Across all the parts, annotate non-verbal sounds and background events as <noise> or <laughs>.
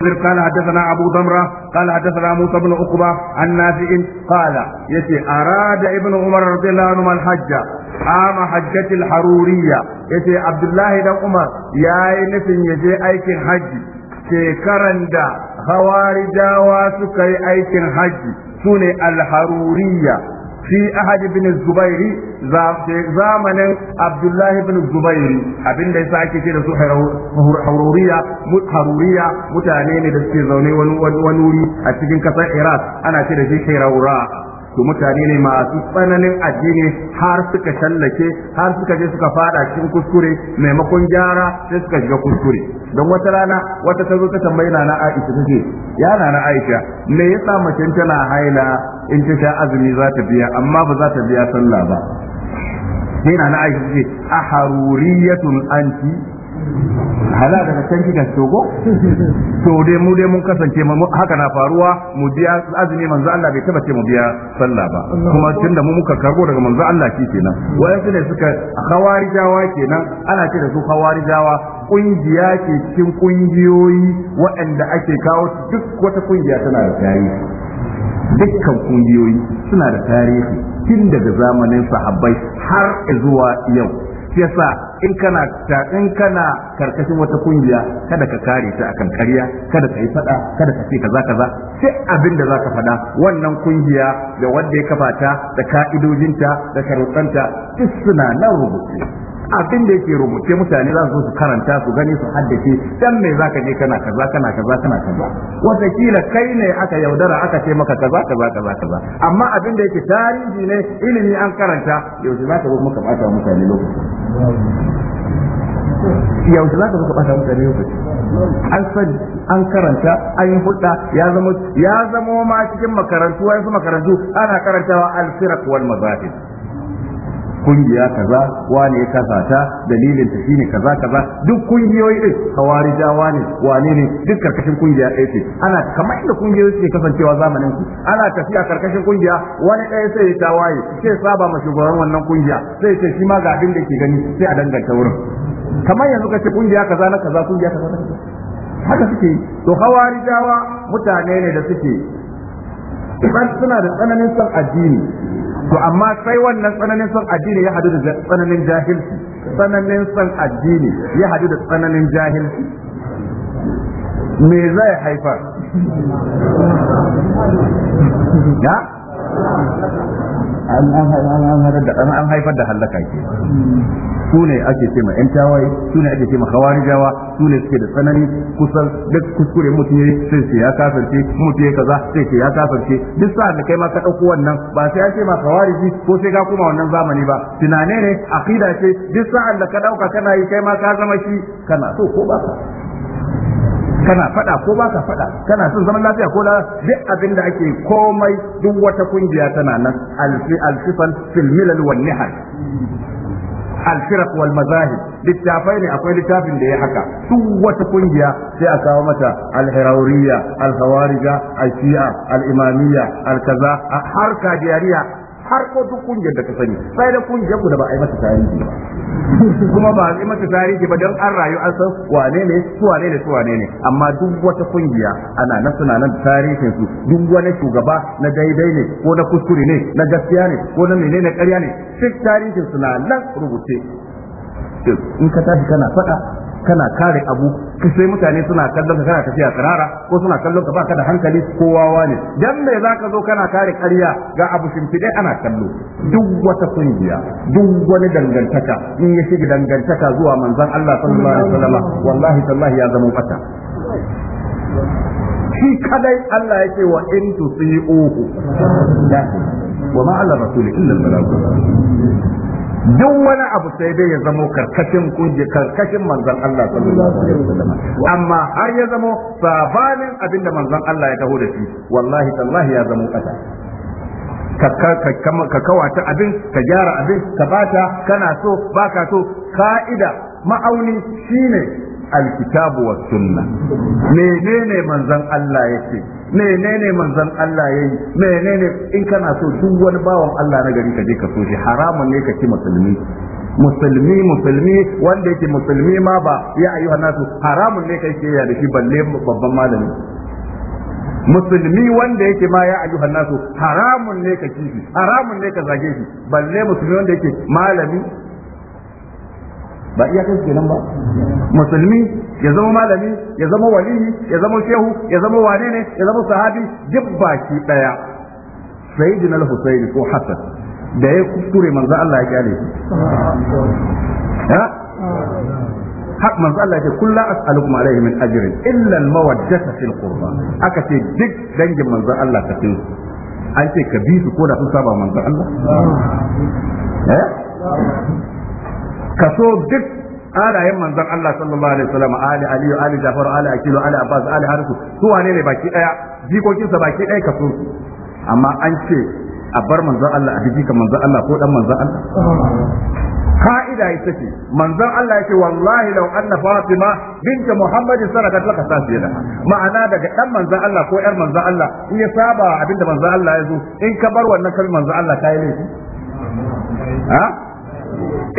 قال حدثنا أبو ضمرة قال حدثنا موسى بن عقبة عن نافع قال يتي أراد ابن عمر رضي الله عنهما الحج عام حجة الحرورية يتي عبد الله بن عمر يا نفن يجي أيك حج شكرا دا خوارجاوا سكي أيك حج سنة الحرورية Shi Ahadi Bin zubairi zamanin abdullahi ibn zubairi da ya ake ce da su haruriya mutane ne da suke zaune wani wuri a cikin ƙasar iraq ana ce da shi hairaura to mutane ne masu tsananin addini har suka tallake har suka je suka fada cikin kuskure maimakon gyara sai suka shiga kuskure don wata rana wata ta zo ta tambayi nana Aisha take ya na Aisha me yasa mace tana haila in ta sha azumi za ta biya amma ba za ta biya sallah ba sai nana Aisha take a haruriyatun anti hala daga can kikan togo to dai mu dai mun kasance haka na faruwa mu biya azumi manzo Allah bai taba ce mu biya sallah ba kuma tunda mu muka karbo daga manzo Allah shi kenan wayansu ne suka khawarijawa kenan ana ce da su khawarijawa kungiya ke cikin kungiyoyi waɗanda ake kawo duk wata kungiya tana da tarihi dukkan kungiyoyi suna da tarihi tun daga zamanin sahabbai har zuwa yau yasa in kana in kana karkashin wata kungiya kada ka kare ta akan ƙarya kada ka yi fada kada ka ce kaza kaza sai abin da zaka fada wannan kungiya da wanda ya kafa ta da ka'idojinta da sharuɗanta duk suna nan rubuce abin da yake rubuce mutane za su karanta su gani su haddace dan me zaka je kana kaza kana kaza kana kaza wata kila kai ne aka yaudara aka ce maka kaza kaza kaza kaza amma abin da yake tarihi ne ilimi an karanta yaushe zaka zo maka bata mutane lokaci yaushe za ka muka ɓata mutane lokaci an sani an karanta an yi hulɗa ya zama ya zama ma cikin makarantu wa su makarantu ana karantawa al-firq wal mazahib kungiya kaza wane ya kasa ta dalilin ta shine kaza kaza duk kungiyoyi din hawarijawa ne wane ne duk karkashin kungiya ɗaya ce ana kamar inda kungiyoyi suke kasancewa zamanin ku ana tafiya karkashin kungiya wani ɗaya sai ya tawaye sai saba ma shugaban wannan kungiya sai ce shi ma ga abin da ke gani sai a danganta wurin kamar yanzu ka ce kungiya kaza na kaza kungiya kaza na kaza haka suke yi to hawarijawa mutane ne da suke suna da tsananin son addini to amma sai wannan tsananin son addini ya hadu da tsananin jahilci tsananin son addini ya hadu da tsananin jahilci me zai haifar ya an haifar da hallaka ke su ne ake ce ma yan tawaye su ne ake ce ma hawarijawa su ne suke da tsanani kusan duk kuskure mutum yayi sai ce ya kafirce mutum ya kaza sai ce ya kafirce duk sa da kai ma ka dauko wannan ba sai ake ce ma hawariji ko sai ka kuma wannan zamani ba tunane ne akida ce duk sa da ka dauka kana yi kai ma ka zama shi kana so ko ba kana faɗa ko ba ka fada kana son zaman lafiya ko lafiya duk abin da ake komai duk wata kungiya tana nan alfifan filmilal wal nihal alfirak littafai ne akwai littafin da ya haka duk wata kungiya sai a kawo mata alhirauriya alhawarija al alimamiya alkaza har kajiyariya har ko duk kungiyar da ta sani sai da kungiyar ku da ba a yi masa tarihi ba <laughs> kuma ba a yi mata tarihi ba don an rayu an san wane ne su wane ne su wane ne amma duk wata kungiya ana nan suna nan tarihin su duk wani shugaba na daidai ne ko na kuskure ne na gaskiya ne ko na menene na ƙarya ne duk tarihin suna nan rubuce in ka tashi kana faɗa kana kare abu sai mutane suna kallon ka kana tafiya karara ko suna kallon ka baka da hankali ko wawa ne dan me zaka zo kana kare ƙarya ga abu shimfiɗe ana kallo duk wata kungiya duk wani dangantaka in ya shiga dangantaka zuwa manzon Allah sallallahu alaihi wasallam wallahi tallahi ya zama fata shi kadai Allah yake wa in tusi'uhu wa ma rasuli illa al duk wani abu sai dai ya zamo karkashin kunje karkashin manzon Allah sallallahu alaihi wasallam amma har ya zamo sabanin abinda manzon Allah ya taho da shi wallahi tallahi ya zamo kasa ka kawata abin ka gyara abin ka bata kana so baka so ka'ida ma'auni shine alkitabu wa sunna menene manzon Allah yake menene manzon Allah yayi menene in kana so duk wani bawan Allah na gari ka je ka so shi haramun ne ka ci musulmi musulmi musulmi wanda yake musulmi ma ba ya ayyuhan nasu haramun ne ka kai ke da shi balle babban malami musulmi wanda yake ma ya ayyuhan nasu haramun ne ka shi? haramun ne ka zage shi balle musulmi wanda yake malami ba iya ke nan ba musulmi ya zama malami ya zama waliyi ya zama shehu ya zama wane ne ya zama sahabi duk baki daya sayyidina al-husayn ko hasan da ya kuskure manzo Allah ya ha har manzo Allah ce kulla as'alukum alayhi min ajrin illa al-mawaddata fil qurba aka ce duk dangin manzo Allah ka tin an ce ka bi su ko da sun saba manzo Allah eh so duk alayen manzon Allah sallallahu alaihi wasallam ali ali ali jafar ali akilu ali abbas ali harku su wane ne baki daya jikokinsa baki daya kaso amma an ce a bar manzon Allah a bijika manzon Allah ko dan manzon Allah ka'ida ita ce manzon Allah yake wallahi law anna Fatima binta Muhammad sarakat laka tasbila ma'ana daga dan manzon Allah ko yar manzon Allah in ya saba abinda manzon Allah ya zo in ka bar wannan kalmar manzon Allah ta yi laifi ha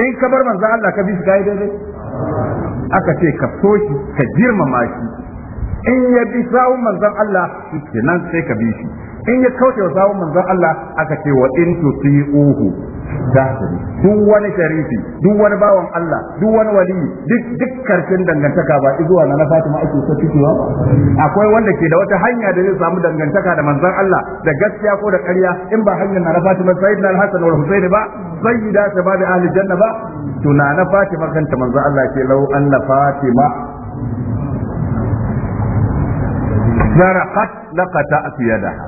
in ka bar manzo Allah ka bi shi kai daidai aka ce ka so shi ka girmama shi in ya bi sawun manzon Allah kenan sai ka bi shi in ya kauce wa sawun manzon Allah aka ce wa in tuti'uhu za ka yi duk wani sharifi duk wani bawan Allah duk wani wali duk duk karshen dangantaka ba zuwa na Fatima ake so cikiwa akwai wanda ke da wata hanya da zai samu dangantaka da manzon Allah da gaskiya ko da ƙarya in ba hanyar na Fatima sayyidina al-Hasan wal Husayn ba sayyida da ahli janna ba to na Fatima kanta manzon Allah ke lau anna Fatima zarqat laqata yadaha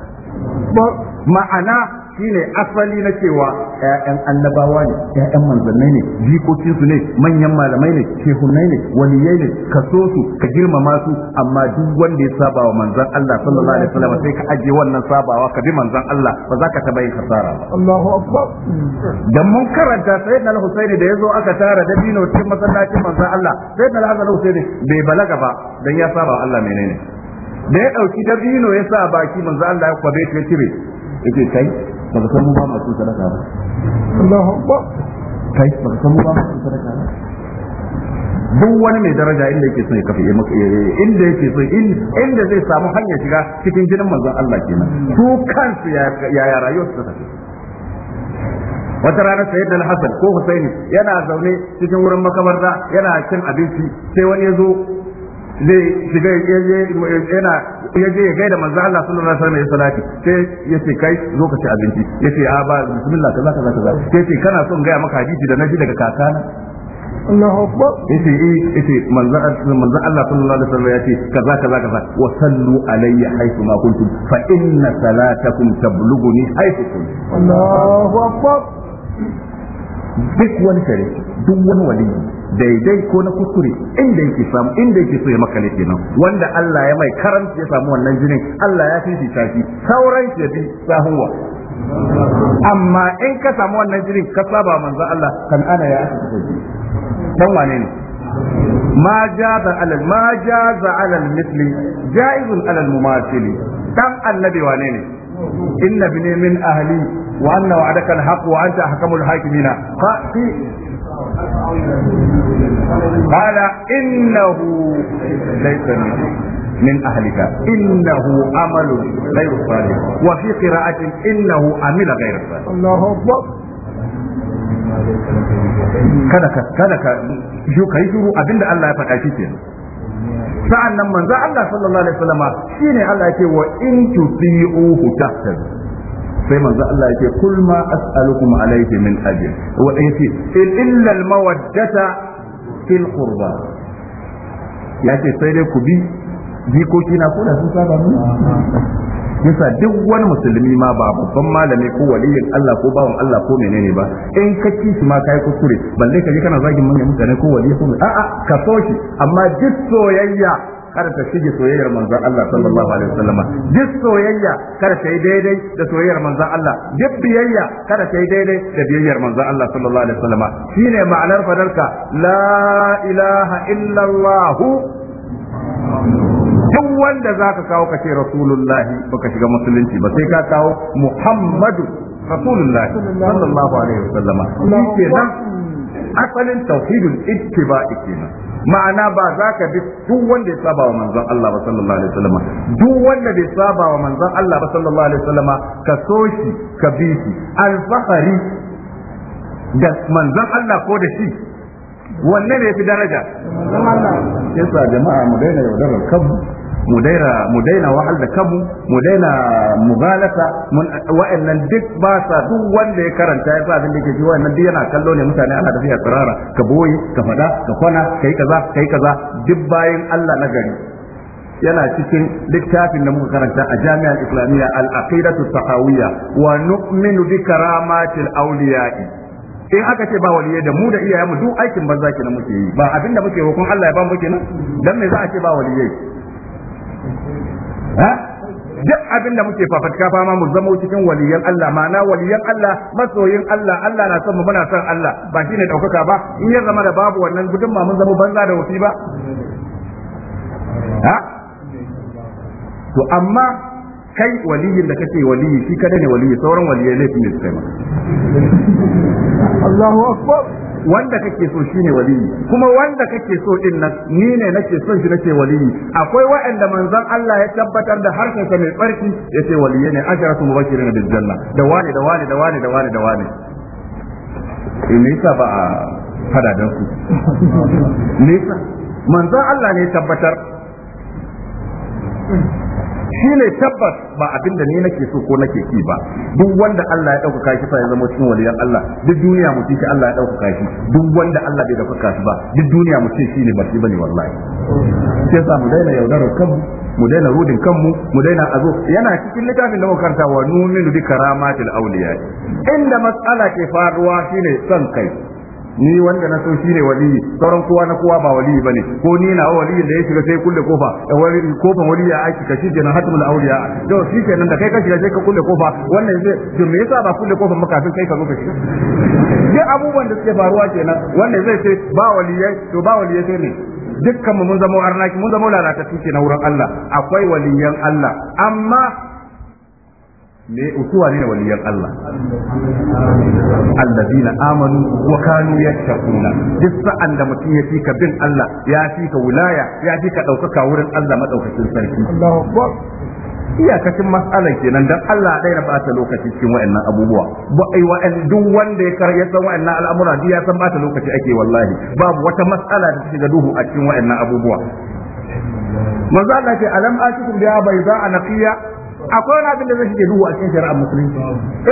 ma'ana shine asali na cewa ƴaƴan annabawa ne ƴaƴan manzannai ne jikokin su ne manyan malamai ne shehunai ne waliyai ne ka so su ka girmama su amma duk wanda ya saba wa manzon Allah sallallahu alaihi wasallam sai ka ajiye wannan sabawa ka bi manzon Allah ba za ka taba yin kasara ba Allahu akbar dan mun karanta sayyidina al-Husaini da yazo aka tara da dino cikin masallacin manzon Allah sayyidina al-Husaini bai balaga ba dan ya saba Allah menene da ya dauki dabino ya sa baki manzo Allah ya kwabe ta cire yake kai baka san mu ba mu cin sadaka ba Allahu akbar kai baka san mu ba mu cin sadaka ba duk wani mai daraja inda yake so ya kafa ya inda yake so inda zai samu hanyar shiga cikin jinin manzon Allah kenan su kansu ya ya rayuwar su take wata ranar sayyid al-hasan ko husaini yana zaune cikin wurin makabarta yana cin abinci sai wani ya zo zai shiga yana ya je ya gaida manzo Allah sallallahu alaihi wasallam ya salati sai ya ce kai zo ka ci abinci ya ce a ah, ba bismillah kaza kaza kaza sai ce kana son gaya maka hadisi da naji daga kakana Allahu akbar yace eh yace manzo manzo Allah sallallahu alaihi wasallam yace kaza kaza kaza wa sallu alayya haythu ma kuntum fa inna salatakum tablughuni haythu kuntum Allahu akbar duk wani kare duk wani waliyi daidai ko na kuskure inda yake samu inda yake so ya maka laifi nan wanda Allah ya mai karanci ya samu wannan jinin Allah ya fifita shi sauran shi bi sahuwa amma in ka samu wannan jinin ka saba manzo Allah kan ana ya dan wane ne ما جاز على ما جاز على المثل جائز على المماثل كم النبي وانيني إن ابني من أهلي وأن وعدك الحق وأنت أحكم الحاكمين قال إنه ليس من أهلك إنه عمل غير صالح وفي قراءة إنه عمل غير صالح الله أكبر kada ka kada ka jo kai shiru abinda Allah ya faɗa shi kenan sa'an nan manzo Allah sallallahu alaihi wasallama shine Allah yake wa in tu fi'u tahtadu sai manzo Allah yake kul ma as'alukum alayhi min ajr wa yace illa al mawaddata fil qurba yace sai dai ku bi jikoki ko da sun saba mu yasa duk wani musulmi ma ba babban malami ko waliyin Allah ko bawan Allah ko menene ba in ka ci ma kai kuskure balle ka ji kana zagin manyan mutane ko waliyi ko a'a ka so amma duk soyayya kada ta shige soyayyar manzon Allah sallallahu alaihi wasallam duk soyayya kada ta yi daidai da soyayyar manzon Allah duk biyayya kada ta yi daidai da biyayyar manzon Allah sallallahu alaihi wasallam shine ma'anar fadarka la ilaha illallah duk wanda zaka kawo ka ce rasulullahi baka shiga musulunci ba sai ka kawo muhammadu rasulullahi sallallahu alaihi wasallam shi kenan asalin tauhidul ittiba'i kenan ma'ana ba za ka bi duk wanda ya saba wa manzon Allah ba sallallahu alaihi wasallam duk wanda bai saba wa manzon Allah ba sallallahu alaihi wasallam ka so shi ka bi shi alfahari da manzon Allah ko da shi wanne ne fi daraja yasa jama'a mu daina yaudarar kanmu mu daina mu daina wahal da kanmu mu daina mubalata mun wa'annan duk ba sa duk wanda ya karanta ya sa abin da yake ji wa'annan duk yana kallo ne mutane ana tafiya tsirara ka boye ka fada ka kwana kai kaza kai kaza duk bayan Allah na gari yana cikin littafin da muka karanta a jami'ar islamiyya al-aqidatu tahawiyya wa nu'minu bi karamatil awliya'i in aka ce ba waliye da mu da iyayenmu duk aikin banza kenan muke yi ba abinda muke hukun Allah ya ba mu kenan dan me za a ce ba waliye duk abin da muke fafatka fama mu zama cikin waliyan Allah ma'ana waliyan Allah masoyin Allah Allah na son mu muna son Allah ba shine daukaka ba in ya zama da babu wannan gudun ma mun zama banza da wafi ba ha to amma kai waliyin da kake waliyi shi kada ne waliyi sauran waliyai laifin ne su kai Allahu akbar wanda kake so shine waliyi kuma wanda kake so din nan ni ne nake son shi nake waliyi akwai waɗanda manzon Allah ya tabbatar da harshen sa mai tsarki yace waliyi ne su mubashirin bil janna da wani da wani da wani da wani da wani eh, me yasa ba a fada da su <laughs> me manzon Allah ne tabbatar Shi ne tabbas ba abin da ni nake so ko nake ki ba duk wanda Allah ya dauka shi fa ya zama cikin waliyan Allah duk duniya mu ce Allah ya dauka shi duk wanda Allah bai dauka shi ba duk duniya mu ce ne ba shi bane wallahi sai sa mu daina yaudarar kanmu mu daina rudin kanmu mu daina azo yana cikin littafin da muka karanta wa numinu bi karamatil awliya inda mas'ala ke faruwa shine son kai ni wanda na so shine waliyi sauran kowa na kowa ba waliyi bane ko ni na waliyin da ya shiga sai kulle kofa eh, wani kofan a aiki kashi kenan hatmul auliya to shi kenan da kai ka shiga sai ka kulle kofa wannan zai to me yasa ba kulle kofan maka sai ka zo ka shiga duk abubuwan da suke faruwa kenan wannan zai ce ba waliyai to ba waliyai sai ne dukkan mu mun zama arnaki mun zama lalatattu kenan wurin Allah akwai waliyan Allah amma me usuwa ne waliyan Allah alladina amanu wa kanu yattaquna duk sa'an da mutum ya fika bin Allah ya fika wilaya ya fika daukaka wurin Allah madaukakin sarki Allahu akbar iyakacin matsalan kenan dan Allah dai na bata lokaci cikin wa'annan abubuwa ba ai wa'an eh, duk wanda ya kar ya san wa'annan al'amura duk ya san bata lokaci ake wallahi babu wata matsala da take ga duhu a cikin wa'annan abubuwa manzo Allah ce alam atikum biya bayda anaqiya akwai wani abin da zai shige duhu a cikin shari'ar musulunci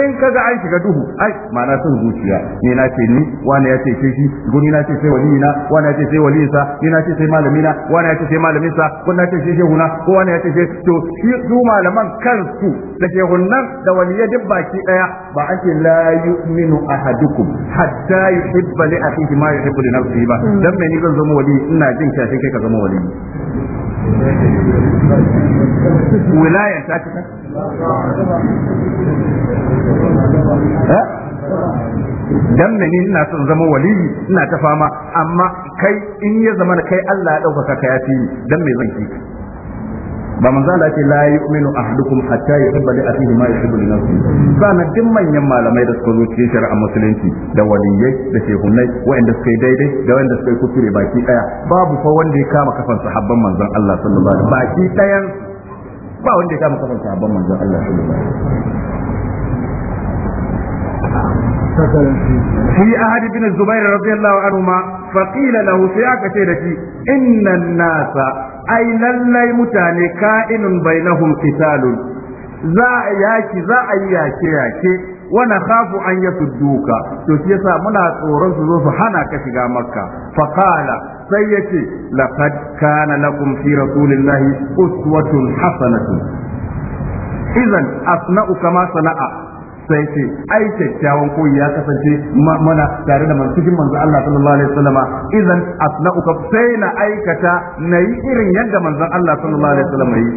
in ka ga an shiga duhu ai ma'ana sun zuciya ni na ce ni wani ya ce ke shi guni na ce sai wali na wani ya ce sai wali sa ni na ce sai malami na wani ya ce sai malaminsa, sa ko na ce sai shehu na ko wani ya ce sai to shi su malaman kansu da shehun nan da ya dubba baki daya ba an ce la yu'minu ahadukum hatta yuhibba li akhihi ma yuhibbu li nafsihi ba mm. dan me ni zan zama wali ina jin kyashin kai ka zama wali wilayan ta cika eh? dan mene ina son zama waliyi ina ta fama amma kai in ya zama kai Allah ya ɗaukaka ka yafi dan mai zan ba manzo Allah ce la yu'minu ahadukum hatta yuhibba li akhihi ma yuhibbu li nafsihi na din manyan malamai da suka zo cikin shari'a musulunci da waliyai da shehunai waɗanda suka yi daidai da waɗanda suka yi kuskure baki daya babu fa wanda ya kama kafan sahabban manzon Allah sallallahu alaihi wasallam baki dayan ba wanda ya kama kafan sahabban manzon Allah sallallahu alaihi wasallam في أحد بن الزبير رضي الله عنهما فقيل له سياك سيدتي إن الناس أي للي متاني كائن بينهم قتال za a yaki za a yi yake yake wana khafu an ya duka to shi yasa muna tsoron su zo su hana ka shiga makka fa qala sai yace laqad kana lakum fi rasulillahi uswatun hasanatun idan asna'u kama sana'a sai ce ai kyakkyawan koyi ya kasance mana tare da cikin manzo Allah sallallahu alaihi wasallama idan asna'uka sai na aikata nayi irin yadda manzon Allah sallallahu alaihi wasallama yi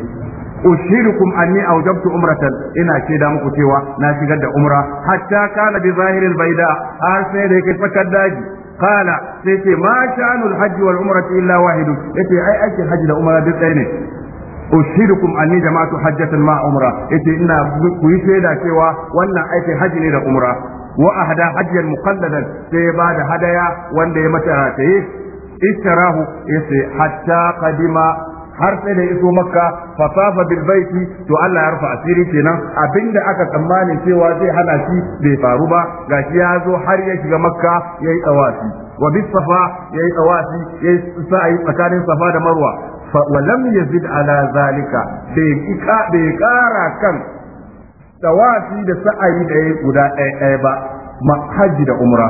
ushirukum anni awjabtu umratan ina ce da muku cewa na shigar da umra hatta kana bi zahiril baida har sai da yake fakar daji qala sai ce ma sha'anul hajji wal umrati illa wahidun yace ai aikin hajji da umra duk ɗaya ne ushidukum anni jama'atu hajjatan ma umra yace ina ku yi shaida cewa wannan aikin haji ne da umra wa ahda hajjan muqalladan sai ya bada hadaya wanda ya mata rataye ishtarahu yace hatta qadima har sai da iso makka fasafa bil baiti to Allah ya rufa asiri kenan abinda aka tsammanin cewa zai hana shi bai faru ba gashi ya zo har ya shiga makka yayi tsawafi wa bis safa yayi tsawafi yayi sa'i tsakanin safa da marwa ولم يزد على ذلك bai ƙara kan tawafi da sa'ayi ɗaya guda ɗaya ba ma hajji da umra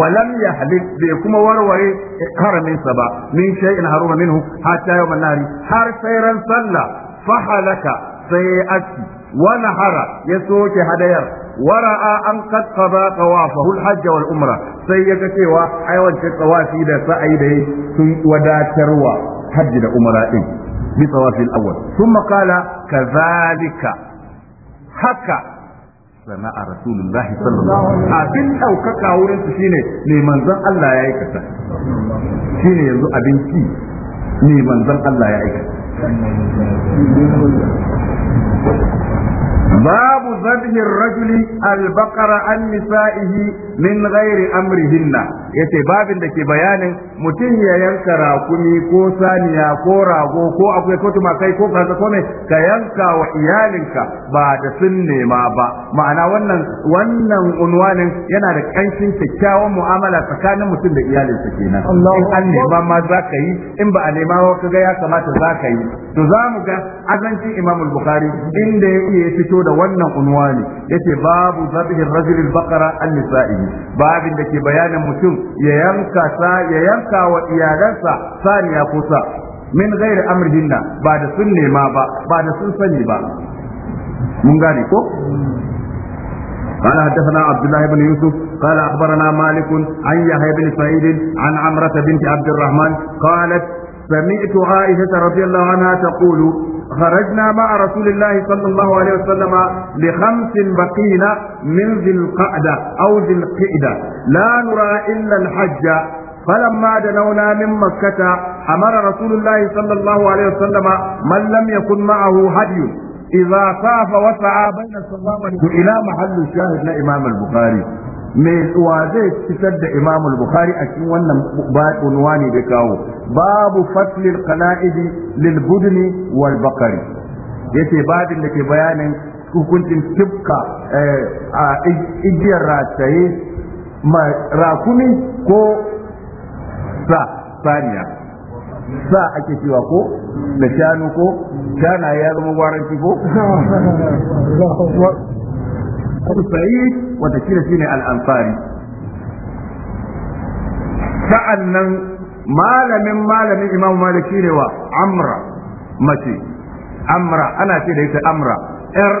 walam ya halik bai kuma warware haraminsa ba min shay'in haruma minhu hatta yawm nari har sai ran sallah fa halaka sai aski wa nahara ya soke hadayar ورأى أن قد قضى طوافه الحج umra, sai ya ga cewa ai wancan tsawafi da sa'ai da sun wadatarwa hajji da umara din bi tawafil awwal thumma qala kadhalika haka sana'a rasulullahi sallallahu alaihi wasallam abin daukaka wurin su shine ne manzon Allah ya aikata shine yanzu abinci ne manzon Allah ya aikata babu zabhin rajuli al-baqara an min ghairi amrihinna yace babin da ke bayanin mutum ya yanka rakumi ko saniya ko rago ko akwai ko tumakai ko kaza ko ka yanka wa iyalinka ba da sun nema ba ma'ana wannan wannan unwanin yana da kancin kyakkyawan mu'amala tsakanin mutum da iyalinsa kenan in an nema ma za ka yi in ba a nema ba kaga ya kamata za ka yi to za mu ga azancin Imam al Bukhari inda ya fito da wannan unwani yace babu zabhi rajulil Bakara baqara an-nisa'i babin da ke bayanin mutum ya yanka sa ya yanka wa iyalansa saniya kusa min ghairi amrihinna ba da sun nema ba ba da sun sani ba mun gane ko قال حدثنا عبد الله بن يوسف قال اخبرنا مالك عن يحيى بن سعيد عن عمره بنت عبد الرحمن قالت سمعت عائشه رضي الله عنها تقول خرجنا مع رسول الله صلى الله عليه وسلم لخمس بقين من ذي القعدة أو ذي القعدة لا نرى إلا الحج فلما دنونا من مكة أمر رسول الله صلى الله عليه وسلم من لم يكن معه هدي idza safa wa sa'a baina safa wa ila mahallu shahid na imam bukhari mai wa zai fitar da imamul bukhari a cikin wannan unwani da kawo babu faslin qana'idi lil budni wal baqari yace babin da ke bayanin hukuncin tibka a igiyar rataye rakumi ko sa saniya sa ake cewa ko da shanu ko shana ya zama gwaranci ko Abu wata kira shine al Sa'an sa'annan malamin malamin Imam Malik ne wa Amra mace Amra ana ce da ita Amra yar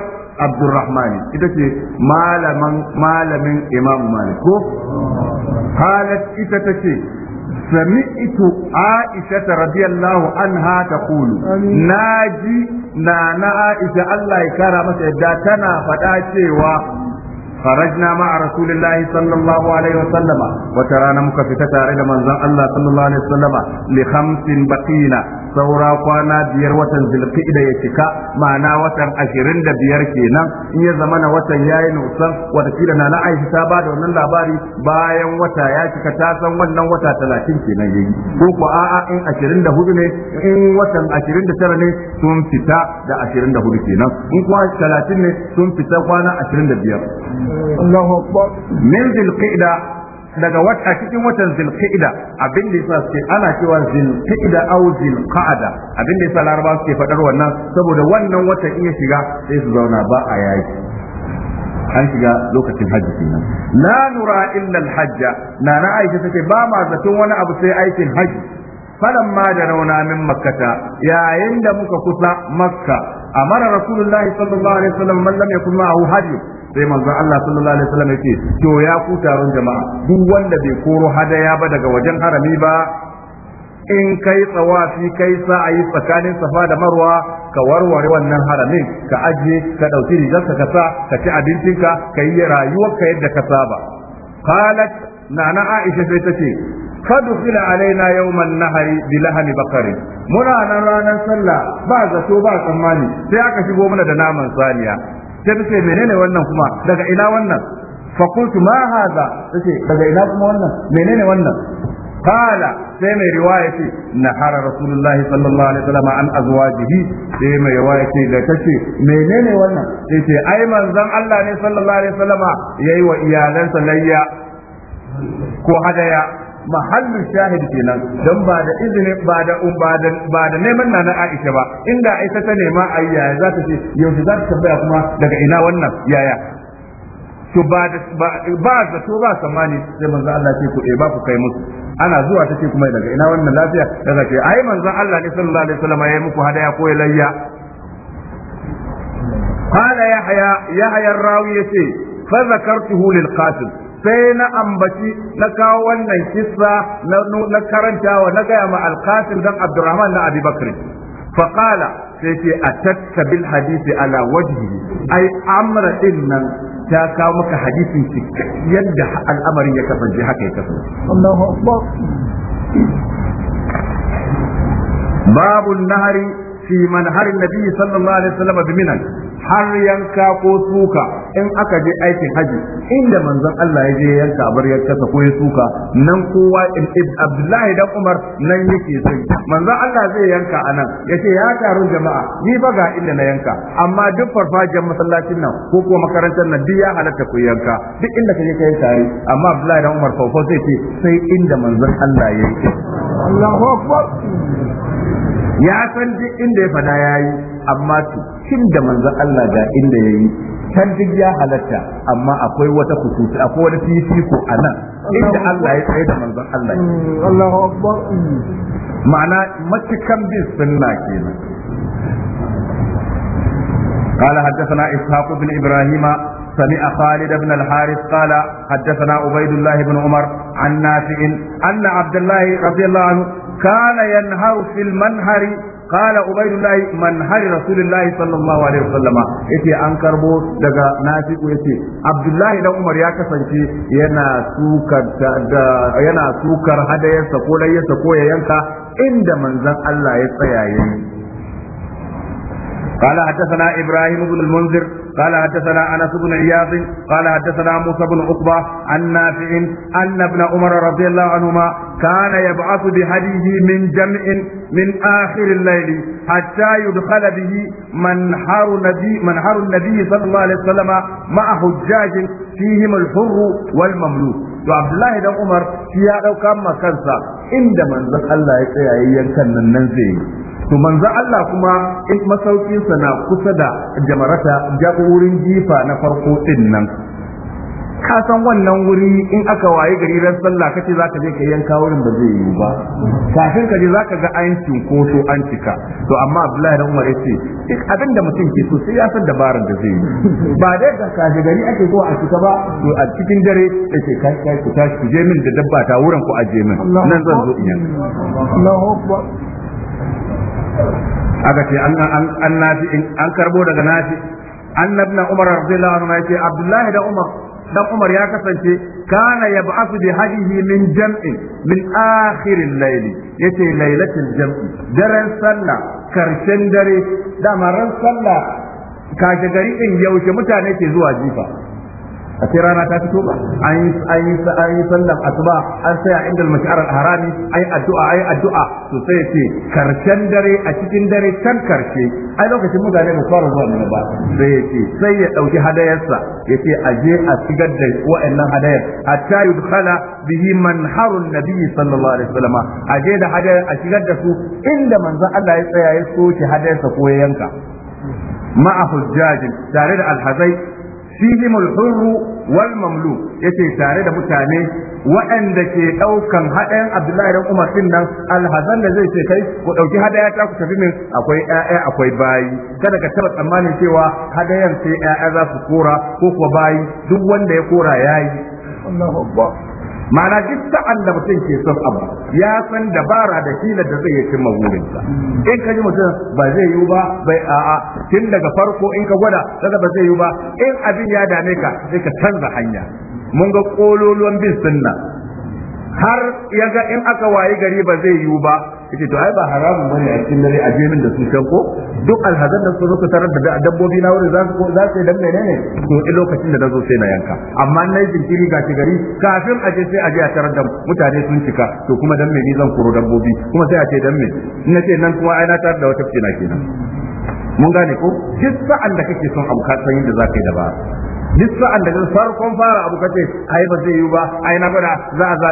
Abdurrahmani ita ce malamin imamu Imam ko halat ita ce سمعت عائشة رضي الله عنها تقول ناجي نانا عائشة الله يكرمك إذا تنا فتاتي خرجنا مع رسول الله صلى الله عليه وسلم وترانا مكفتة تارد من الله صلى الله عليه وسلم لخمس بقينا saura kwana biyar watan zulqa'ida ya cika ma'ana watan 25 kenan in ya zama na watan yayi nusan wata kila na Aisha ta ba da wannan labari bayan wata ya cika ta san wannan wata 30 kenan yayi ko ko a'a in 24 ne in watan 29 ne sun fita da 24 kenan in kuma 30 ne sun fita kwana 25 Allahu akbar min zulqa'ida daga wata cikin watan zilqa'ida abin da yasa ce ana cewa zilqa'ida au zilqa'ada abin da yasa laraba suke fadar wannan saboda wannan watan iya shiga sai su zauna ba a yaki an shiga lokacin hajji kenan la nura illa al-hajja nana aisha take ba ma zaton wani abu sai aikin hajji ma da rauna min makkata yayin da muka kusa makka amara rasulullahi sallallahu alaihi wasallam man lam yakun ma'ahu hajji sai manzo Allah sallallahu alaihi wasallam yake to ya ku taron jama'a duk wanda bai koro hadaya ba daga wajen harami ba in kai tsawafi kai sa ayi tsakanin safa da marwa ka warware wannan haramin ka ajiye ka dauki rigarka ka sa ka ci abincinka ka yi rayuwarka yadda ka saba qalat nana aisha sai tace فدخل alaina يوم النهر بلحم بقر muna nan ranar sallah ba zato ba tsammani sai aka shigo mana da naman saniya sai ta ce menene wannan kuma daga ina wannan fa qultu ma hadha tace daga ina kuma wannan menene wannan qala sai mai riwaya ce na hara rasulullahi sallallahu alaihi wasallam an azwajihi sai mai riwaya ce da tace menene wannan sai ce ai manzon Allah ne sallallahu alaihi wasallam yayi wa iyalansa layya ko hadaya mahallu shahid kenan don ba da izini ba da ba da neman nana Aisha ba inda Aisha ta nema ayi za ta ce yaushe za ta tambaya kuma daga ina wannan yaya to ba ba to ba samani sai manzo Allah ce ku eh, ba ku kai musu ana zuwa ta ce kuma daga ina wannan lafiya daga ce ai manzo Allah ne sallallahu alaihi wasallam ya muku hadaya ko ya layya قال يحيى يحيى الراوي يسي فذكرته للقاسم sai na ambaci na kawo wannan kissa na karantawa na gaya ma alkasim dan abdurrahman na abi bakri faqala sai ce atatka bil hadisi ala wajhi ai amra din nan ta kawo maka hadisin yadda al'amarin ya kasance haka ya kasance Allahu akbar babu nahari fi manhar nabi sallallahu alaihi wasallam bi minan har yanka ko suka in aka je aikin haji inda manzon Allah ya je yanka bar ya kasa ko ya suka nan kowa in Abdullahi dan Umar nan yake sai manzon Allah zai yanka anan yace ya taron jama'a ni ba ga inda na yanka amma duk farfajiyar masallacin nan ko ko makarantar nan duk ya halatta ku yanka duk inda kaje kai tare amma Abdullahi dan Umar fa zai ce sai inda manzon Allah ya yi Allahu Akbar ya san duk inda ya fada yayi amma tun da manzon Allah ga inda yayi can duk ya halatta amma akwai wata kusuci akwai wani fifiko a nan inda Allah ya tsaye da manzon Allah mm, Allahu akbar ma'ana matukan bin sunna kenan قال حدثنا إسحاق بن إبراهيم سمع خالد بن الحارث قال حدثنا عبيد الله بن عمر عن نافع أن عبد الله رضي الله عنه كان ينهر في المنهر قال عبيد الله من هر رسول الله صلى الله عليه وسلم yace an karɓo daga nafiku ce. Abdullahi dan Umar ya kasance yana sukar da hadayarsa ko layyarsa ko ya yanka inda manzon Allah ya tsaya yayi قال حدثنا ابراهيم بن المنذر قال حدثنا انس بن عياض قال حدثنا موسى بن عقبه عن نافع ان ابن عمر رضي الله عنهما كان يبعث بهديه من جمع من اخر الليل حتى يدخل به منحر النبي منحر النبي صلى الله عليه وسلم مع حجاج فيهم الحر والمملوك to abdullahi dan umar shi ya dauka ma kansa inda manzon Allah ya tsaya yayyan kan nan nan zai yi to manzon Allah kuma in masaukinsa na kusa da jamarata ja wurin jifa na farko din nan ka san wannan wuri in aka waye gari ran sallah kace zaka je ka yanka wurin ba zai yiwu ba kafin ka je zaka ga an cinkoso an cika to amma Abdullahi dan Umar yace duk abin da mutum ke so sai ya san dabarar da zai yi ba dai ga kaje gari ake zuwa a cika ba to a cikin dare yace kai kai ku tashi ku je min da dabba ta wurin ku aje min nan zan zo in yanka Allahu Akbar aka ce an nafi an karbo daga nafi annabna umar radiyallahu anhu yace abdullahi da umar dan umar ya kasance kana yab'athu bi hadihi min jam'i min akhir al-layl yace lailatul jam'i daren sallah karshen dare dama ran sallah kaje gari din yaushe mutane ke zuwa jifa a rana ta fito ba an yi an yi sallar asuba an tsaya inda al-mash'ar al-harami ai addu'a ai addu'a to sai ce karshen dare a cikin dare can karshe ai lokacin mutane ba fara zuwa ne ba sai ya ce sai ya dauki hadayarsa ya ce a je a shigar da wa'annan hadayar hatta yudkhala bihi manharun nabiyyi sallallahu alaihi wasallam a je da hadayar a shigar da su inda manzon Allah ya tsaya ya soke hadayarsa ko ya yanka ma'a hujjajin tare da alhazai fihim al-hurru wal mamluk yace tare da mutane waɗanda ke ɗaukan haɗayan Abdullahi dan Umar din nan alhazan da zai ce kai ku ɗauki hadaya ta ku tafi min akwai ƴaƴa akwai bayi kada ka taba tsammanin cewa haɗayan sai ƴaƴa za su kora ko kuwa bayi duk wanda ya kora yayi Allahu ma'ana duk sa'an da mutum ke son abu ya san dabara da hilar da zai cimma burinsa in ka ji mutum ba zai yi ba bai a'a tun daga farko in ka gwada daga ba zai yi ba in abin ya dame ka sai ka canza hanya mun ga kololuwan bin sunna har ya ga in aka wayi gari ba zai yi ba yace to ai ba haramun bane a cikin dare a je min da su can ko duk alhazan da su zuka tarar da dabbobi na wuri za su ko za su dan menene to in lokacin da nazo sai na yanka amma nayi jinkiri ga gari kafin a je sai a je a tarar da mutane sun cika to kuma dan me ni zan kuro dabbobi kuma sai a ce dan me ina ce nan kuma ai na tarar da wata fitina kenan mun gane ko duk sa'an da kake son abu ka san yadda za da da ba. duk sa'an da farkon fara abu kace ai ba zai yi ba ai na gwada za a za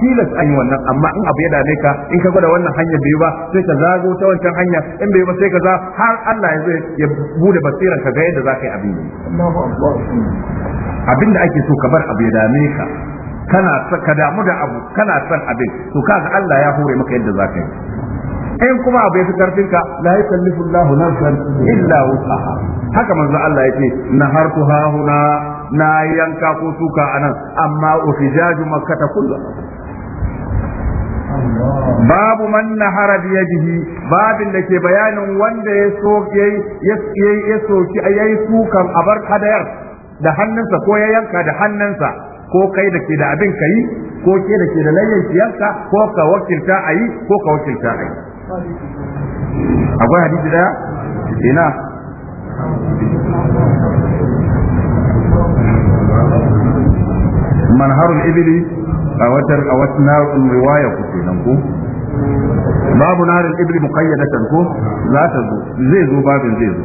tilas an yi wannan amma in abu ya dame ka in ka gwada wannan hanya bai ba sai ka zago ta wancan hanya in bai ba sai ka za har Allah ya zai ya bude basiran ka ga yadda za ka yi abin abin da ake so ka bar abu ya dame ka kana ka damu da abu kana son abin to kaga Allah ya hore maka yadda za ka yi in kuma abu ya karfin ka la yukallifu Allahu nafsan illa wus'aha haka manzo Allah yake na ha huna na yanka ko suka anan amma ufijaju makkata kullu babu man nahara ya jihi babin da ke bayanin wanda ya soke ya soki yayi sukan abar hadayar da hannunsa ko ya yanka da hannunsa ko kai da ke da abin ka yi ko ke da ke da layyan yanka ko ka wakilta a yi ko ka wakilta a yi akwai hadisi daya ina manharul ibili a watar a wata narin riwaya ku kenan ko babu narin ibili muqayyadatan ko za ta zo zai zo babin zai zo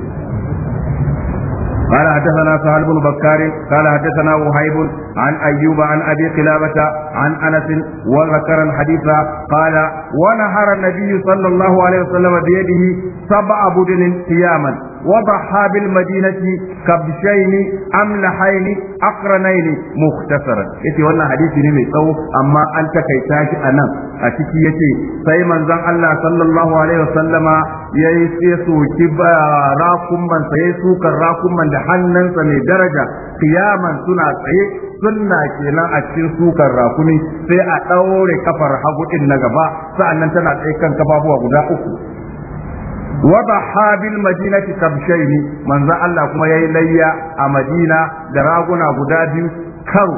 قال حدثنا سهل بن بكار قال حدثنا وهيب عن أيوب عن أبي قلابة عن أنس وذكر الحديث قال ونهر النبي صلى الله عليه وسلم بيده سبع بدن قياما وضحى بالمدينة كبشين أملحين أقرنين مختصرا يتي وانا حديث نمي سو أما أنت كيتاش أنا أتكي يتي سيما زن الله صلى الله عليه وسلم يسيسو كبا راكم من سيسو كراكم من لحنن سمي درجة قياما سنة سيسو sunna kenan a cikin sukan rakumi sai a ɗaure kafar hagu ɗin na gaba sa'annan tana tsaye kan kafafuwa guda uku وضحى بالمدينة كبشين من ذا الله كما يليا guda دراغنا غدادي كرو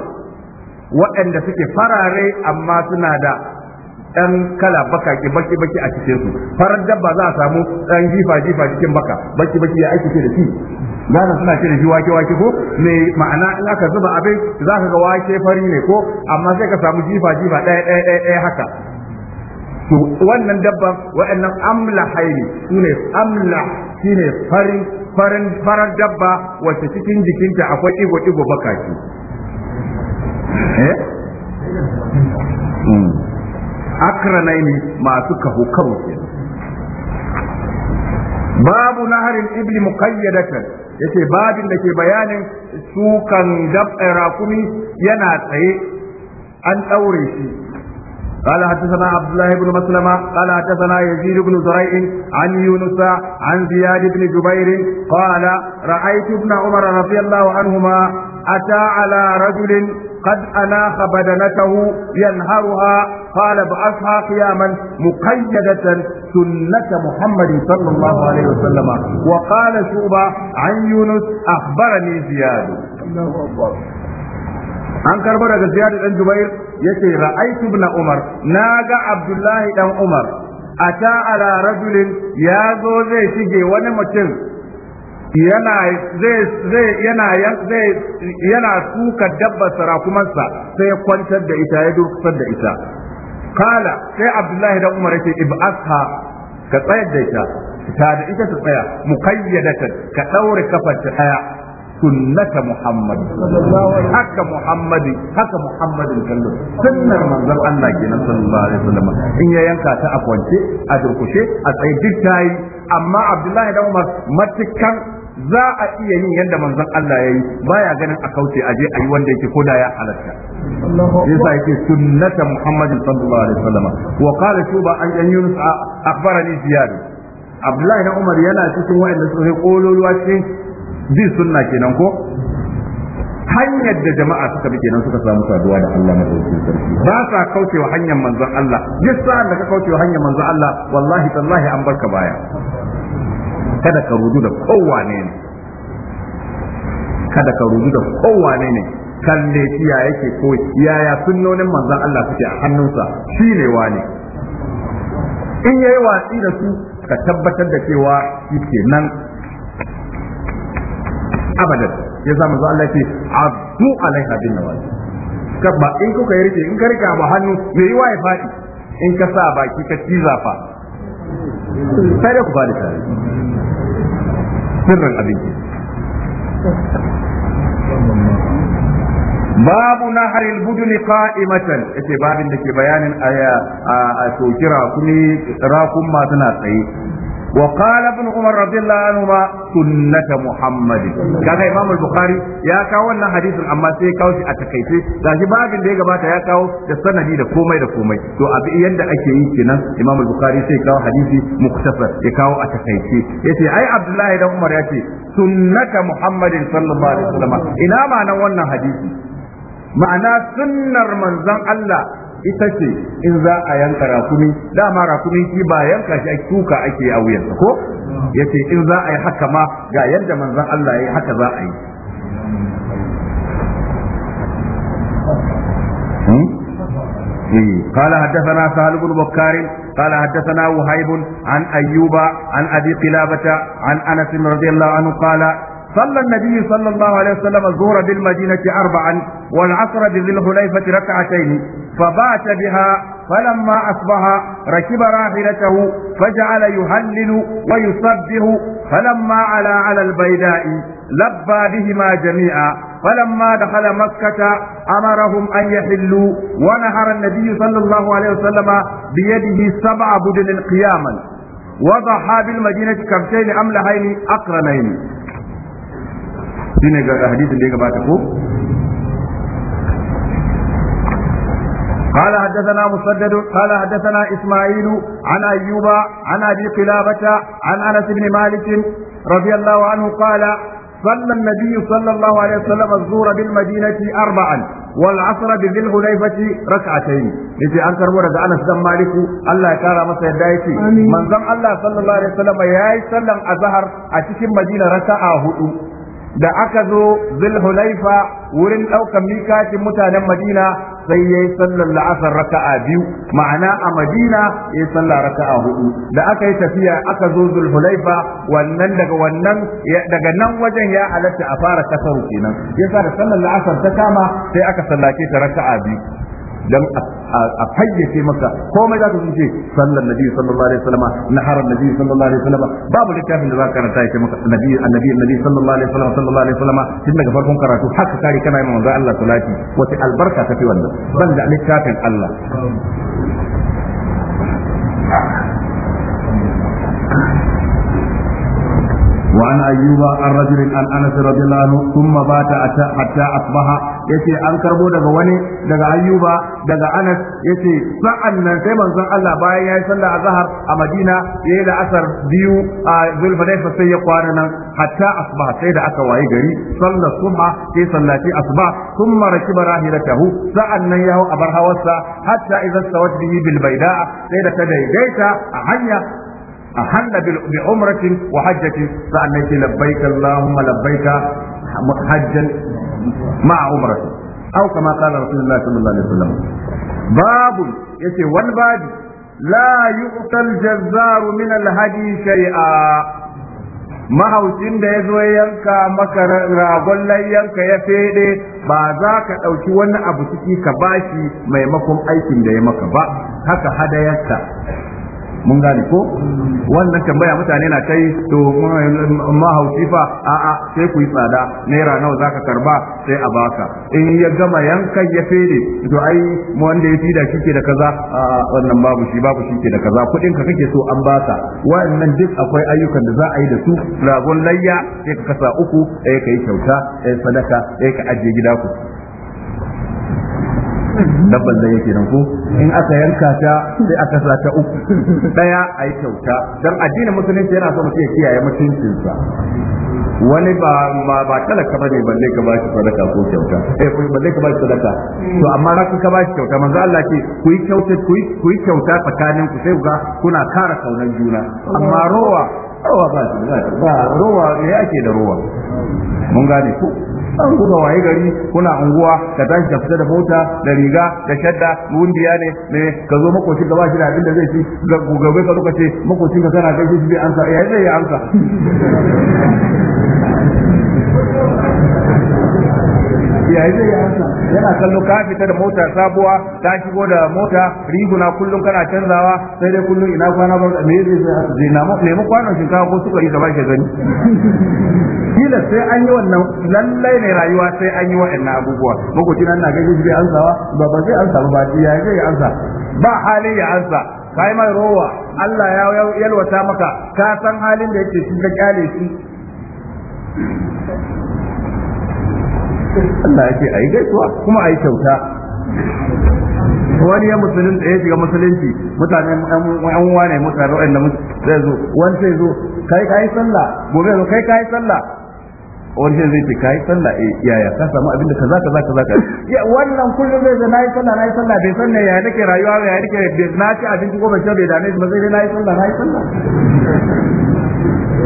وأن farare فراري أما da ɗan kala baka ke baki baki a cikin su farar dabba za a samu ɗan jifa jifa cikin baka baki baki ya aiki da shi Ghana suna ce da shi wake wake ko me ma'ana in aka zuba abin za ka ga wake fari ne ko amma sai ka samu jifa jifa ɗaya ɗaya ɗaya haka to wannan dabba wa'annan amla haini sune amla shine farin farin farar dabba wacce cikin jikinta akwai igo igo bakaki eh hmm. ne masu kaho karo Babu babu harin ibli muqayyadatan yace babin da ke bayanin sukan dab eh, rakumi yana tsaye an daure shi قال حدثنا عبد الله بن مسلمة قال حدثنا يزيد بن زريع عن يونس عن زياد بن جبير قال رأيت ابن عمر رضي الله عنهما أتى على رجل قد أناخ بدنته ينهرها قال ابعثها قياما مقيدة سنة محمد صلى الله عليه وسلم وقال شوبة عن يونس أخبرني زياد الله أكبر عن كربلاء زياد بن جبير yace ra'aytu ibn umar naga abdullahi dan umar ata ala rajulin ya zo zai shige wani mutum yana zai zai yana zai yana suka dabba sarakumansa sai ya kwantar da ita ya durkusar da ita kala sai abdullahi dan umar yake ib'asha ka tsayar da ita ta da ita ta tsaya muqayyadatan ka daure kafar ta sunnata Muhammad haka Muhammad haka Muhammadin kallo sunnar manzon Allah kenan sallallahu alaihi wasallam in ya yanka ta a kwance a durkushe a tsaye duk tayi amma Abdullahi dan Umar matukan za a iya yin yadda manzon Allah ya yi baya ganin a kauce a je a yi wanda yake koda ya halatta yasa yake sunnata Muhammad sallallahu alaihi wasallam wa qala shuba an yunus akhbarani ziyad Abdullahi dan Umar yana cikin wayanda suka kololuwa cikin bin sunna kenan ko hanyar da jama'a suka bi kenan suka samu saduwa da Allah madaukakin sarki ba sa kaucewa hanyar manzon Allah duk sa'an da ka kaucewa hanyar manzon Allah wallahi tallahi an barka baya kada ka rudu da kowane ne kada ka rudu da kowane ne kalle ya yake ko yaya sunnonin manzon Allah suke a hannunsa shi ne wani in yayi watsi da su ka tabbatar da cewa shi nan abadan ya zama zuwa Allah a abdu alaiha bin nawaji kabba in kuka yi rike in ka rika ba hannu me yi waye fadi in ka sa baki ka ci zafa sai da ku fadi tare sirrin abinci babu ni al-budun qa'imatan yace babin da ke bayanin aya a to kira rakun ma tana tsaye وقال ابن عمر رضي الله عنهما سنة محمد كما إمام bukhari ya كاو wannan hadisin amma sai ya kawo shi a takaice shi babin da ya gabata ya kawo da sanadi da komai da komai to abi yadda ake yi kenan Imam al-Bukhari sai kawo hadisi muktasar ya kawo a takaice yace ai Abdullahi dan Umar yace sunnata Muhammadin sallallahu alaihi wasallam ina ma'anan wannan hadisi ma'ana sunnar manzon Allah ita ce in za a yanka rakumi dama rakumi shi ba yanka shi tuka ake a wuyansa ko yace in za a yi haka ma ga yadda manzon Allah ya haka za a yi قال حدثنا سهل بن بكار قال حدثنا وهيب عن أيوب عن أبي قلابة عن أنس رضي الله عنه قال صلى النبي صلى الله عليه وسلم الظهر بالمدينة أربعا والعصر بذي الحليفة ركعتين فبات بها فلما أصبح ركب راحلته فجعل يهلل ويصبه فلما على على البيداء لبى بهما جميعا فلما دخل مكة أمرهم أن يحلوا ونهر النبي صلى الله عليه وسلم بيده سبع بدن قياما وضحى بالمدينة كبشين أملهين أقرنين shine ga hadisin da ya gabata ko قال حدثنا مسدد قال حدثنا اسماعيل عن ايوب عن ابي قلابه عن انس بن مالك رضي الله عنه قال صلى النبي صلى الله عليه وسلم الظهر بالمدينه اربعا والعصر بذي الحليفة ركعتين يجي أنكر ورد أنس دم مالك الله كارا مسا يدايتي من زم الله صلى الله عليه وسلم ياي سلم أزهر أتكي مدينة ركعة هدو da aka zo hulaifa wurin ɗaukar mikatin mutanen madina sai ya yi sallar la'asar raka'a biyu ma'ana a madina ya yi sallar raka'a hudu da aka yi tafiya aka zo hulaifa wannan daga wannan daga nan wajen ya halatta a fara kasaru kenan yasa da sallar la'asar ta kama sai aka sallake ta raka'a biyu dan a fayyace maka komai za ka ce sallar nabi sallallahu alaihi wasallam na haram nabi sallallahu alaihi wasallam babu littafin da za ka karanta yake maka nabi annabi nabi sallallahu alaihi wasallam sallallahu alaihi wasallam tun daga farkon karatu haka kare kana yin manzo Allah salati wata albarka ta fi wannan ban da littafin Allah وعن أيوب عن رجل عن أنس رضي الله عنه ثم بات حتى أصبح yace an karbo daga wani daga ayyuba daga anas yace sa'an nan sai manzon Allah bayan yayi sallah azhar a Madina yayi da asar biyu a Zulfadaifa sai ya kwana nan hatta asbah sai da aka waye gari sallar suma sai sallati asbah thumma rakiba rahilatahu sa'an nan ya hau yawo abar hawarsa hatta idza stawat bihi bil bayda sai da ta daidaita a hanya أحل بعمرة وحجة فأنك لبيك اللهم لبيك حجا مع عمرة أو كما قال رسول الله صلى الله عليه وسلم باب يتي والباب لا يؤتى الجزار من الهدي شيئا mahaucin da ya zo ya yanka maka ragon layyanka ya fede ba za ka ɗauki wani abu ciki ka bashi maimakon aikin da ya maka ba haka hadayarta mun gane ko wannan tambaya mutane na kai to mahauci fa a'a sai ku yi tsada naira nawa zaka karba sai a baka in ya gama yankan ya fere to ai mu wanda ya tida shi ke da kaza wannan babu shi babu shi ke da kaza kudin ka kake so an baka wannan duk akwai ayyukan da za a yi da su ragon layya sai ka kasa uku sai ka yi kyauta sai sadaka sai ka ajiye gida ku dabban zai yake nan ko in aka yanka ta sai aka sa ta uku daya a yi kyauta dan addinin musulunci yana so mutum ya kiyaye mutuncinsa wani ba ba ba talaka bane balle ka shi sadaka ko kyauta eh ko balle ka shi sadaka to amma na ka bashi kyauta manzo Allah ke, ku yi kyauta ku yi kyauta tsakanin ku sai ku ga kuna kara kaunar juna amma rowa awa ba su ba rowa ya ake da rowa mun gane ku an kuka waye gari kuna unguwa ka tashi ka fita da mota da riga da shadda wundiya ne ne ka zo makocin ka ba shi da abin da zai ci ga gobe ka duka ce makocin ka kana kai shi bai ansa ya zai ya ansa eh, yi zai yi ansa yana kallo ka fita da mota sabuwa ta shigo da mota riguna kullum kana canzawa sai dai kullum ina kwana ba me zai zai na mu nemi kwanon shinkafa ko sukari da ba shi gani kila sai an yi wannan lallai ne rayuwa sai an yi wa'annan abubuwa makoci nan na gaji zai ansawa ba ba zai ansa ba yayi zai ansa ba halin ya ansa kai mai rowa Allah ya yalwata maka ka san halin da yake shi ka kyale shi Allah ya ce a yi gaisuwa kuma a yi kyauta wani ya musulun da ya shiga musulunci mutane yan uwa ne mutane wanda zai zo wani sai zo kai kai sallah gobe zo kai kai sallah wani sai zai ce kai sallah eh yaya ka samu abin da kaza kaza kaza ka ya wannan kullum zai zai nayi sallah nayi sallah bai san ne yaya nake rayuwa yaya nake na ci abinci ko ban ci bai dane ba dai nayi sallah nayi sallah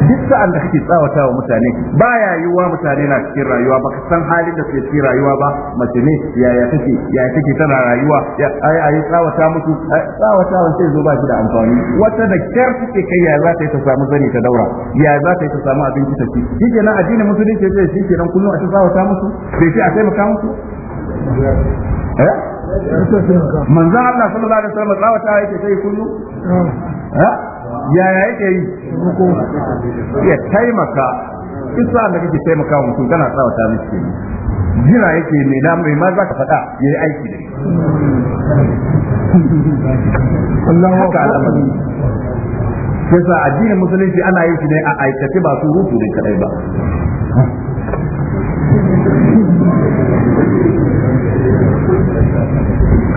duk sa'an da kake wa mutane baya yiwuwa mutane na cikin rayuwa baka san halin da suke cikin rayuwa ba mace ne yaya take yaya take tana rayuwa ai ai tsawata musu wa sai zo ba shi da amfani wata da kyar take kai ya za ta yi ta samu zani ta daura ya za ta yi ta samu abinci ta ci shikenan addinin musulunci ya ce kenan kullum a tsawata musu bai ce a taimaka musu eh manzon Allah sallallahu alaihi wasallam tsawata yake sai kullum? eh yaya yake yi ya taimaka isa da kake taimaka mutum kana tsawata miki jira yake ne na mai ma za ka faɗa ya yi aiki da shi haka al'amari yasa addinin musulunci ana yin shi ne a aikace ba su rufu ne kadai ba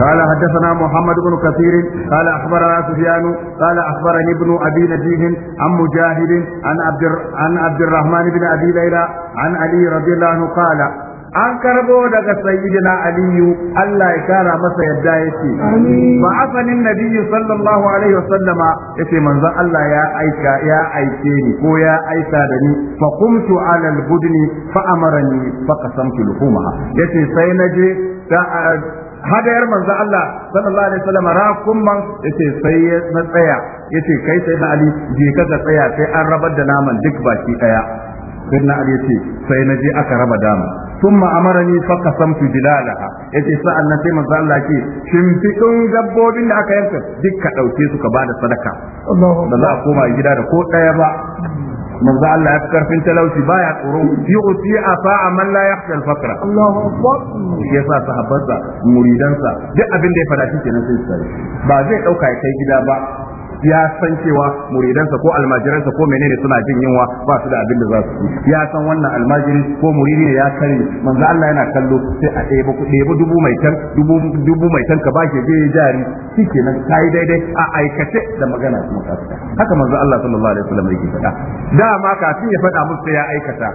قال حدثنا محمد بن كثير قال اخبرنا سفيان قال اخبرني ابن ابي نجيح عن مجاهد عن عبد عن عبد الرحمن بن ابي ليلى عن علي رضي الله عنه قال an karbo daga sayyidina aliyu Allah ya kara masa yadda yake ba afanin nabiyyu sallallahu alaihi wasallama yace manzon Allah ya aika ya aike ni ko ya aika da ni fa qumtu ala al-budni fa amarani fa qasamtu luhumaha yace sai naje hadayar manzo Allah sallallahu alaihi wasallam rakun man yace sai ya tsaya yace kai sai na Ali je ka tsaya sai an rabar da naman duk baki daya sai na Ali yace sai na je aka raba dama ثم أمرني فقسمت جلالها yace sa'an nan sai manzo Allah ke shimfiɗin dabbobin da aka yanka duk ka ɗauke su ka bada sadaka ba za a koma gida da ko ɗaya ba manzo Allah ya fi karfin talauci baya tsoro a afa'a man la yakhsha al-faqra Allahu akbar yasa sahabbansa muridansa duk abin da ya fada shi kenan sai sai ba zai dauka ya kai gida ba ya san cewa muridansa ko almajiransa ko menene suna jin yunwa ba su da abin da za su yi ya san wannan almajiri ko muridi ne ya kare manzo Allah yana kallo sai a ɗebo ɗebo dubu mai can dubu dubu mai can ka bashi je jari nan kai daidai a aikace da magana kuma ka haka manzo Allah sallallahu alaihi wasallam yake faɗa dama kafin ya faɗa musu sai ya aikata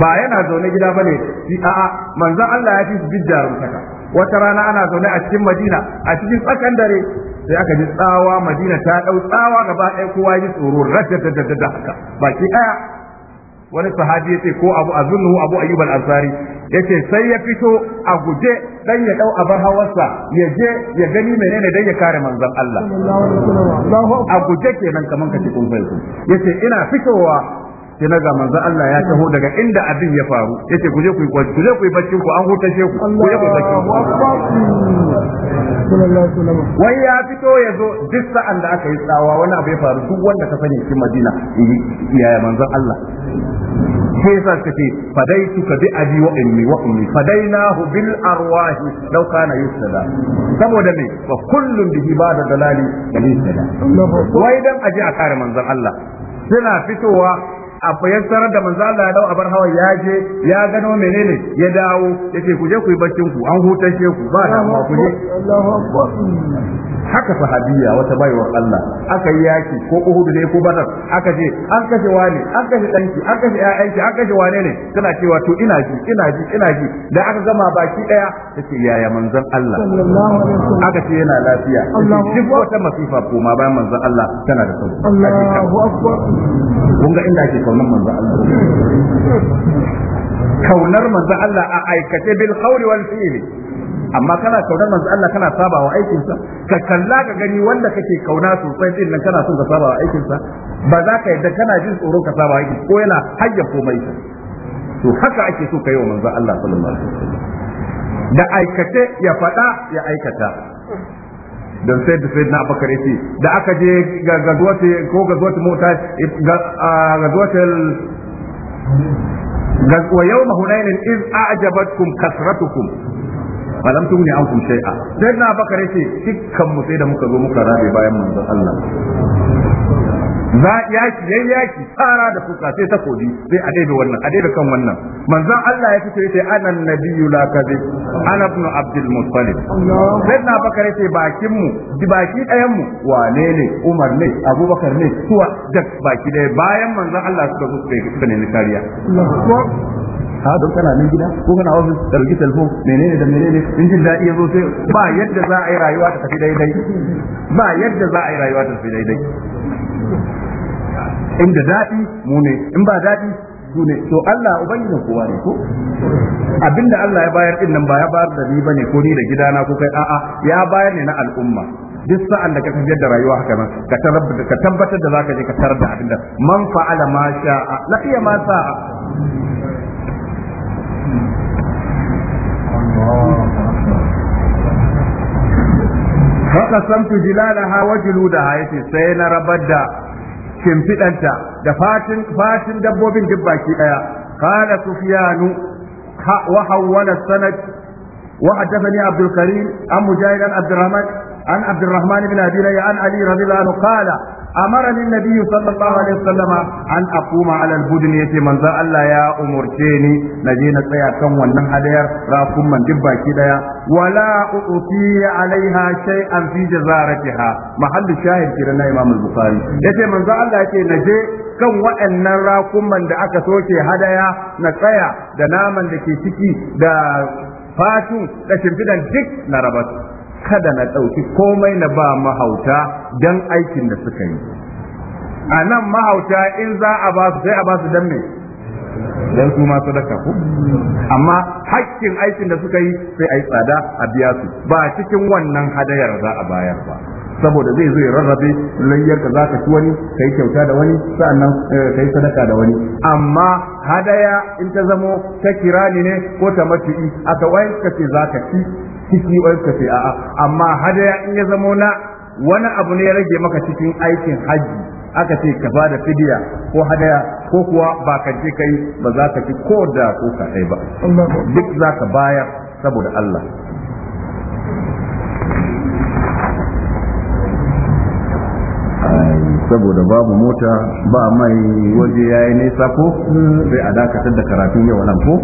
ba yana zaune gida bane a'a manzo Allah ya fi su bijjarun saka wata rana ana zaune a cikin madina a cikin tsakan dare sai aka ji tsawa madina ta dau tsawa gaba ɗaya kowa ya ji tsoro rashar da haka baki ɗaya wani sahabi yace ko abu azunnu abu ayyub al-ansari yace sai ya fito a guje dan ya dau abar hawarsa ya je ya gani menene dan ya kare manzon Allah a guje kenan kaman ka cikin faiku yace ina fitowa sai na ga manzo Allah ya taho daga inda abin ya faru yace ku je ku yi kwaci ku je ku yi bacci ku an huta ku, ku je ku yi bacci wai ya fito ya zo duk sa'an da aka yi tsawa wani abu ya faru duk wanda ka sani cikin Madina yaya manzo Allah sai sa suka ce fadai suka bi aji wa ummi wa ummi fadainahu bil arwahi law kana yusada saboda me fa kullun bihi bada dalali dalil sada wai dan aji a kare manzon Allah suna fitowa a fayyassar da manzo Allah ya dau abar hawa ya je ya gano menene ya dawo yace ku je ku yi baccin ku an hutashe ku ba da ma ku je haka sahabiya wata baiwar Allah aka yi yaki ko Uhudu ne ko Badar aka ce an kashe wani an kashe danki an kashe ƴaƴanki an kashe wane ne tana cewa to ina ji ina ji ina ji da aka gama baki daya tace yaya manzon Allah aka ce yana lafiya duk wata masifa ko ma bayan manzon Allah tana da sauki Allahu akbar kun ga inda ake kaunar manzo Allah kaunar manzo Allah a aikace bil qawli wal fi'li amma kana kaunar manzo Allah kana saba wa aikin sa ka kalla ka gani wanda kake kauna sosai din nan kana son ka saba wa aikin sa ba za ka yadda kana jin tsoro ka saba wa aikin ko yana hayya komai to haka ake so kai wa manzo Allah sallallahu alaihi wasallam da aikace ya faɗa ya aikata da sai da sai na bakare shi da aka je ga gazuwata ko gazuwata mota ga gazuwata wa yawma hunainin iz a'jabatkum kasratukum falam tugni ankum shay'a sai na bakare shi dukkan mu sai da muka zo muka rabe bayan manzon Allah za yaki yayi yaki tsara da fuka sai ta kodi, sai a daida wannan a daida kan wannan manzon Allah ya fito sai anan nabiyyu la kadhib ana ibn abdul muttalib sai na bakar sai bakin mu di baki ɗayan mu wane ne Umar ne Abubakar ne suwa da baki ɗaya bayan manzon Allah suka zo suka nemi kariya ha don kana nan gida ko kana ofis dalgi telefon menene da menene in jin daɗi ya zo sai ba yadda za a yi rayuwa ta tafi daidai ba yadda za a yi rayuwa ta tafi daidai inda daɗi mu ne in ba daɗi su ne to Allah ubangijin kowa ne ko abinda Allah ya bayar din nan ba ya bayar da ni bane ko ni da gidana ko kai a'a ya bayar ne na al'umma duk sa'an da ka tafiyar da rayuwa haka nan ka tabbatar da zaka je ka tarar da abinda man fa'ala ma sha'a iya ma sa'a Haka samtu jilalaha wa juludaha yace sai na rabar da shimfidanta da fatin fatin dabbobin duk baki ɗaya? Kala sufyanu wa hawwala sanad wa hadathani abdul karim am mujahid an abdurrahman an abdurrahman ibn abi an ali radhiyallahu anhu qala amarani nabiyyu sallallahu alaihi wasallama an aquma ala albudni yace manzo Allah ya umurce ni na je na tsaya kan wannan hadayar rakun man baki daya wala uti alaiha shay'an fi jazaratiha mahallu shahid kiran na imam al-bukhari yace manzo Allah yace na je kan waɗannan rakuman da aka soke hadaya na tsaya da naman da ke ciki da fatu da shimfidan duk na rabatu kada na ɗauki komai na ba mahauta don aikin da suka yi a nan mahauta in za a ba su sai a ba su don me don su ma sadaka ku amma hakkin aikin da suka yi sai a yi tsada a biya su ba cikin wannan hadayar za a bayar ba saboda zai zo ya rarrabe layyarka za ka ci wani ka yi kyauta da wani sa'annan eh, ka yi sadaka da wani amma hadaya in ta zamo ta kirani ne ko ta matu'i aka wayar ka ce za ka ci ciki wai ka ce a'a amma hadaya in ya zamo na wani abu ne ya rage maka cikin aikin haji aka ce ka bada fidiya ko hadaya ko kuwa ba ka je kai ba za ka ci ko da ko ka sai ba duk za ka bayar saboda Allah saboda babu mota ba mai waje yayi nesa ko hmm. sai a dakatar da karatun yau nan ko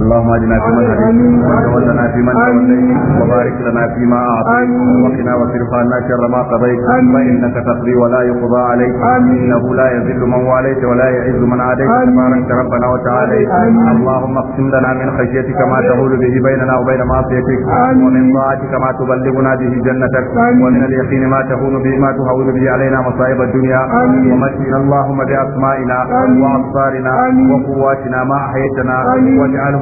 اللهم اجنا من هديت وتولنا فيمن توليت وبارك لنا فيما اعطيت وقنا واصرف عنا شر ما قضيت فانك تقضي ولا يقضى عليك انه لا يذل من واليت ولا يعز من عاديت تبارك ربنا وتعاليت اللهم اقسم لنا من خشيتك ما تهول به بيننا وبين معصيتك ومن طاعتك ما تبلغنا به جنتك ومن اليقين ما تهون به ما تهون به علينا مصائب الدنيا ومتنا اللهم باسمائنا وابصارنا وقواتنا ما احييتنا واجعله